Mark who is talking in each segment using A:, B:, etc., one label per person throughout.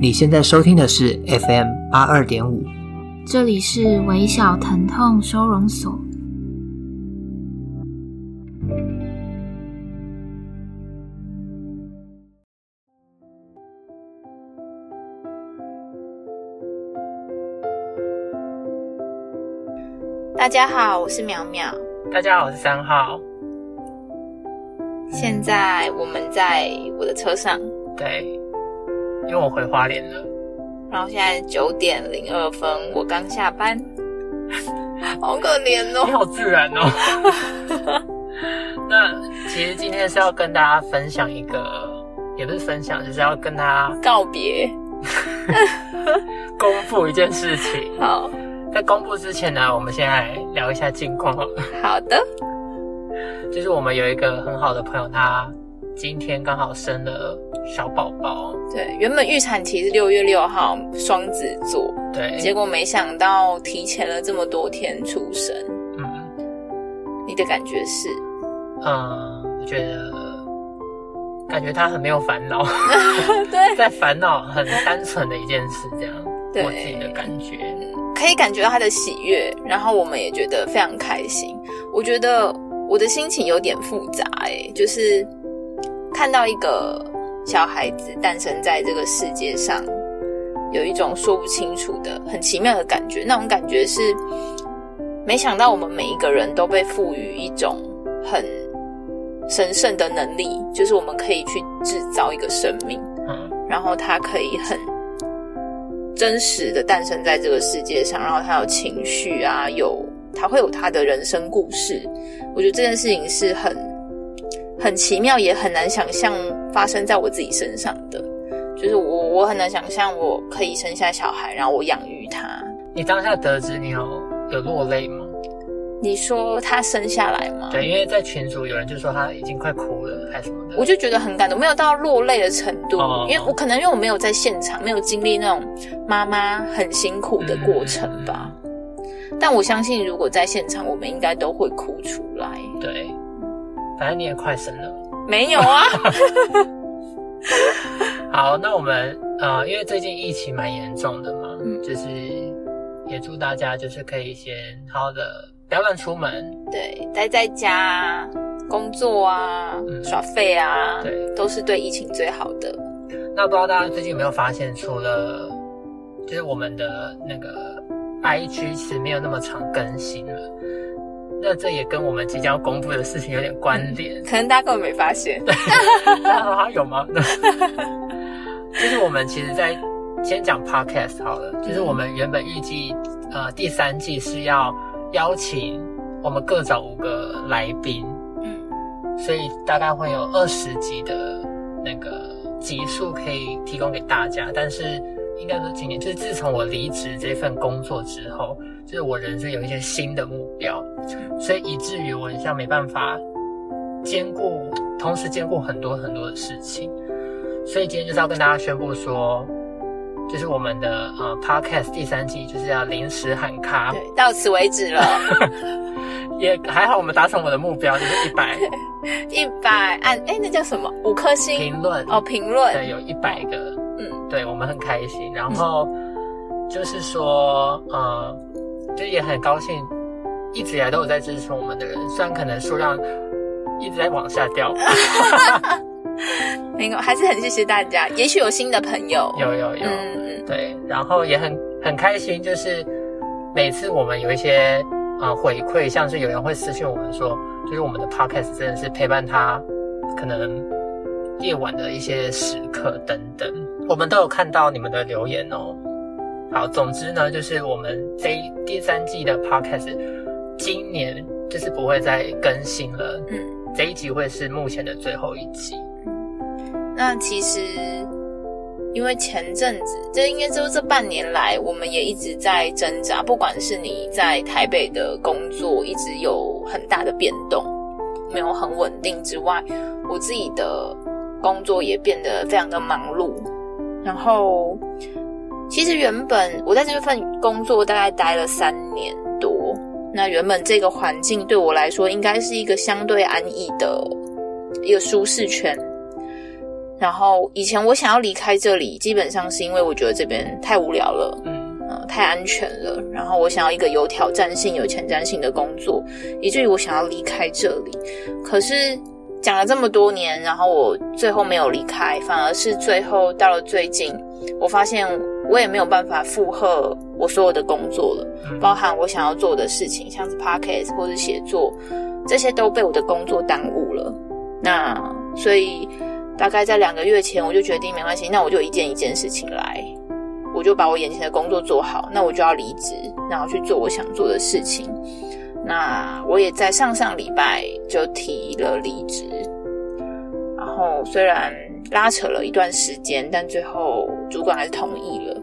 A: 你現在收聽的是 FM 八二點五，
B: 這裡是微小疼痛收容所。
A: 大
B: 家好，我是苗苗。
A: 大家好，我是三號。嗯。
B: 現在我們在我的車上。
A: 對。因為我回花蓮了，
B: 然後現在九點零二分，我剛下班，
A: 好可憐哦，你好自然哦。 那其實今天是要跟大家分享一個，也不是分享，就是要跟他告別， 公布一件事情。好，在公布之前呢，我們先來聊一下近況。 好的，就是我們有一個很好的朋友，他。今天剛好生了小寶寶，對，
B: 原本預產期是六月六號，雙子座，對，結果沒想到提前了這麼多天出生。嗯，你的感覺是？
A: 嗯，我覺得感覺他很沒有煩惱， 對， 在煩惱很單純的一件事，這樣 對，我自己的感覺
B: 可以感覺到他的喜悅，然後我們也覺得非常開心。我覺得我的心情有點複雜，欸，哎，就是。看到一個小孩子誕生在這個世界上，有一種說不清楚的很奇妙的感覺。那種感覺是，沒想到我們每一個人都被賦予一種很神聖的能力，就是我們可以去製造一個生命，然後他可以很真實的誕生在這個世界上。然後他有情緒啊，有，他會有他的人生故事。我覺得這件事情是很。很奇妙，也很難想象發生在我自己身上的，就是我我很難想象我可以生下小孩，然後我養育他。
A: 你當下得知你有有落淚嗎？
B: 你說他生下來
A: 嗎？對，因為在群組有人就說他已經快哭了，還是什麼的，
B: 我就覺得很感動，沒有到落淚的程度，oh. 因為我可能因為我沒有在現場，沒有經歷那種媽媽很辛苦的過程吧。Mm -hmm. 但我相信，如果在現場，我們應該都會哭出來。
A: 反正你也快生了，沒有啊？ 好，那我們呃，因為最近疫情蠻嚴重的嘛、嗯，就是也祝大家就是可以先好好的，不要亂出門，
B: 對，待在家、啊、工作啊、嗯，耍廢啊，對，都是對疫情最好的。那不知道大家最近
A: 有沒有發現，除了就是我們的那個 I G 其實沒有那麼常更新了。那這也跟我們即將要公布的事情有點關聯，嗯，可能大家根本沒發現， 他有嗎？ 就是我們其實，在先講 podcast 好了，嗯，就是我們原本預計，呃，第三季是要邀請我們各找五個來賓，嗯，所以大概會有二十集的那個集數可以提供給大家，但是，應該說今，今年就是自從我離職這份工作之後，就是我人生有一些新的目標，所以以至於我一下沒辦法兼顧，同時兼顧很多很多的事情。所以今天就是要跟大家宣布說，就是我們的呃 Podcast 第三季就是要臨時喊卡，對，到此為止了。 也還好，我們達成我的目標，就是一百
B: 一百按哎，那叫什麼？五顆星評論哦，評論對，有
A: 一百個。對我們很開心，然後就是說，呃、嗯，就也很高興，一直以來都有在支持我們的人，雖然可能數量一直在往下掉， 沒
B: 有，還是很謝謝大家。也許有新的朋
A: 友，有有有，嗯嗯，對，然後也很很開心，就是每次我們有一些啊、嗯、回饋，像是有人會私信我們說，就是我們的 podcast 真的是陪伴他可能夜晚的一些時刻等等。我們都有看到你們的留言哦。好，總之呢，就是我們這第三季的 podcast，今年就是不會再更新了。嗯，這一集會是目前的最後一集。
B: 那其實因為前陣子，這應該就是這半年來，我們也一直在掙扎。不管是你在台北的工作一直有很大的變動，沒有很穩定之外，我自己的工作也變得非常的忙碌。然後，其實原本我在這份工作大概待了三年多。那原本這個環境對我來說，應該是一個相對安逸的一個舒適圈。然後以前我想要離開這裡，基本上是因為我覺得這邊太無聊了，嗯、呃、太安全了。然後我想要一個有挑戰性、有前瞻性的工作，以至於我想要離開這裡。可是。講了這麼多年，然後我最後沒有離開，反而是最後到了最近，我發現我也沒有辦法負荷我所有的工作了，包含我想要做的事情，像是 podcast 或者寫作，這些都被我的工作耽誤了。那所以大概在兩個月前，我就決定沒關係，那我就一件一件事情來，我就把我眼前的工作做好，那我就要離職，然後去做我想做的事情。那我也在上上禮拜。就提了離職，然後雖然拉扯了一段時間，但最後主管還是同意了。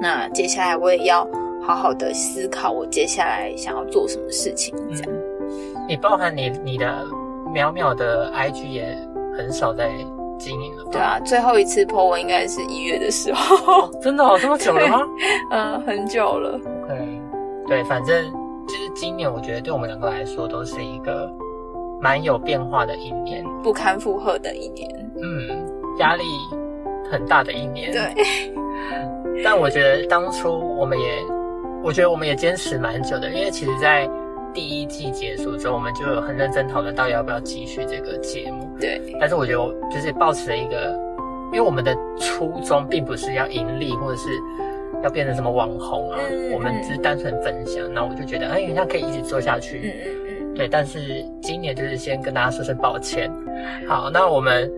B: 那接下來我也要好好的思考
A: 我接下來想要
B: 做什麼事情。這樣，嗯、
A: 你包含你你的渺渺的 IG 也很少在經營了吧？
B: 對啊，最後一次 PO 文應該是一月的時候。
A: 哦、真的哦、哦，這麼久了嗎？嗯、呃，很久了。Okay. 對，反正。其實今年我覺得對我們兩個來說都是一個蠻有變化的一年，不堪負荷的一年，嗯，壓力很大的一年。對。但我覺得當初我們也，我覺得我們也堅持蠻久的，因為其實，在第一季結束之後，我們就有很認真討論到底要不要繼續這個節目。對。但是我覺得，就是保持了一個，因為我們的初衷並不是要盈利，或者是。要變成什麼網紅啊？我們只是單純分享，那、嗯、我就覺得，哎、欸，那可以一直做下去、嗯嗯。對，但是今年就是先跟大家說聲抱歉。好，那我們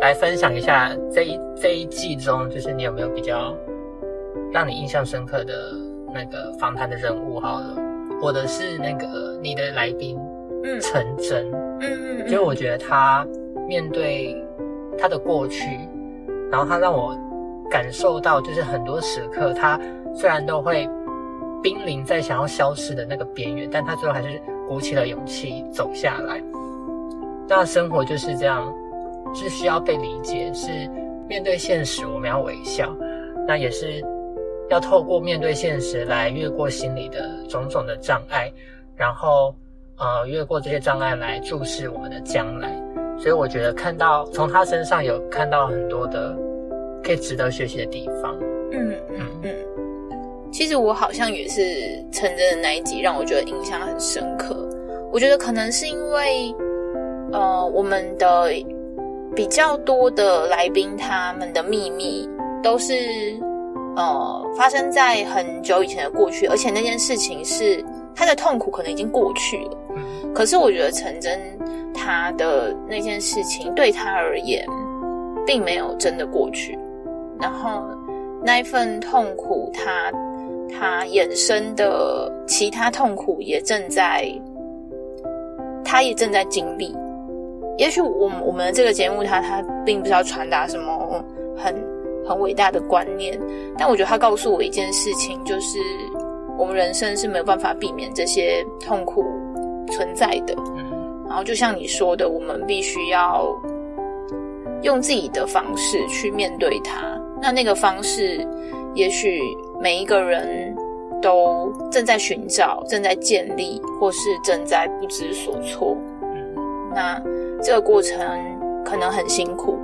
A: 來分享一下這一這一季中，就是你有沒有比較讓你印象深刻的那個訪談的人物？好了，我的是那個你的來賓，陳、嗯、真，嗯嗯嗯。就我覺得他面對他的過去，然後他讓我。感受到，就是很多時刻，他雖然都會瀕臨在想要消失的那個邊緣，但他最後還是鼓起了勇氣走下來。那生活就是這樣，是需要被理解，是面對現實，我們要微笑。那也是要透過面對現實來越過心裡的種種的障礙，然後呃，越過這些障礙來注視我們的將來。所以我覺得看到從他身上有看到很多的。可以值得學習的地方。嗯嗯嗯，
B: 其實我好像也是陳真的那一集讓我覺得印象很深刻。我覺得可能是因為，呃，我們的比較多的來賓他們的秘密都是呃發生在很久以前的過去，而且那件事情是他的痛苦可能已經過去了。嗯。可是我覺得陳真他的那件事情對他而言，並沒有真的過去。然後那一份痛苦，他他衍生的其他痛苦也正在，他也正在經歷。也許我們我們的這個節目，他他並不是要傳達什麼很很偉大的觀念，但我覺得他告訴我一件事情，就是我們人生是沒有辦法避免這些痛苦存在的。嗯，然後就像你說的，我們必須要用自己的方式去面對它。那那個方式，也許每一個人都正在尋找、正在建立，或是正在不知所措。嗯，那這個過程可能很辛苦，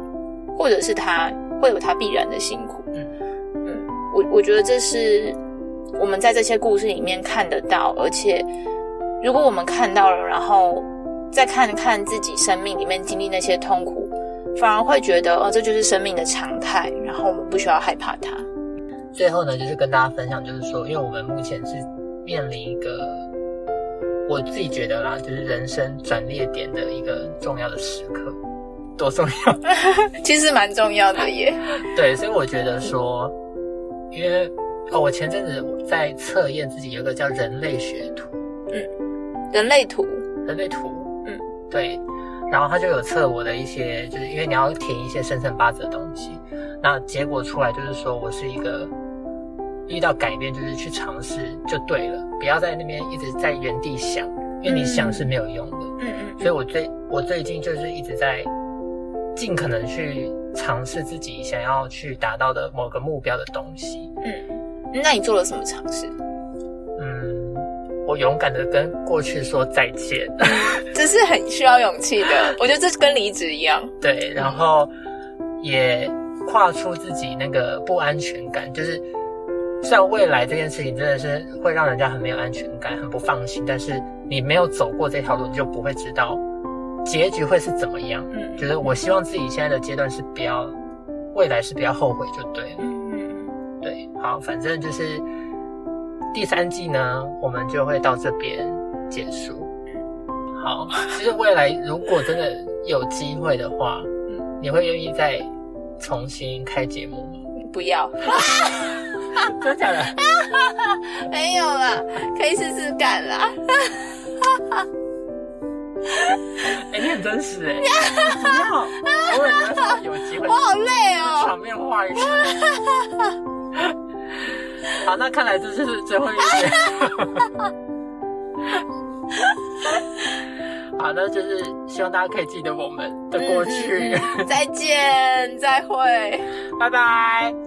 B: 或者是他會有他必然的辛苦。嗯嗯，我我覺得這是我們在這些故事裡面看得到，而且如果我們看到了，然後再看看自己生命裡面經歷那些痛苦，反而會覺得哦，這就是生命的常態，然
A: 後我們不需要害怕它。最後呢，就是跟大家分享，就是說，因為我們目前是面臨一個我自己覺得啦，就是人生轉捩點的一個重要的時刻，多重
B: 要？ 其實蠻重要的耶。
A: 對，所以我覺得說，嗯、因為哦，我前陣子在測驗自己，有個叫人類學圖，嗯，人類圖，人類圖，嗯，對。然後他就有測我的一些，就是因為你要填一些生辰八字的東西，那結果出來就是說，我是一個遇到改變就是去嘗試就對了，不要在那邊一直在原地想，因為你想是沒有用的。嗯嗯。所以我最我最近就是一直在盡可能去嘗試自己想要去達到的某個目標的東西。嗯，
B: 嗯。那你做了什麼嘗試？
A: 勇敢的跟過去說再見，
B: 這是很需要勇氣的。我覺得
A: 這是跟離職一樣。 對，然後也跨出自己那個不安全感，就是像未來這件事情，真的是會讓人家很沒有安全感，很不放心。但是你沒有走過這條路，你就不會知道結局會是怎麼樣。嗯，就是我希望自己現在的階段是比較，未來是不要後悔就對了。嗯，對，好，反正就是。第三季呢，我們就會到這邊結束。好，其實未來如果真的有機會的話， 你會願意再重新開節目嗎？
B: 不要， 真的假的？ 沒有了，可以試試看啦。
A: 哎、 欸，你很真實哎、欸！你好，偶爾有機會，我好累哦，場面話一下。好，那看來這就是最後一集。 好，那就是希望大家可以記得我們的過去。嗯嗯嗯、
B: 再見，再會，拜拜。